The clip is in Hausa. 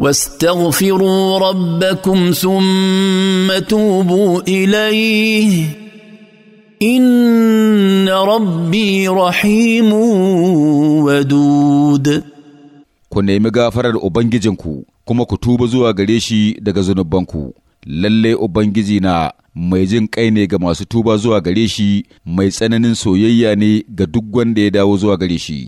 واستغفروا ربكم ثم توبوا اليه ان ربي رحيم ودود ku nemi gafarar ubangijinku kuma ku tuba zuwa gare shi daga zunubanku lalle ubangiji na mai jin kai ne ga masu tuba zuwa gare shi mai tsananin soyayya ne ga duk wanda ya dawo zuwa gare shi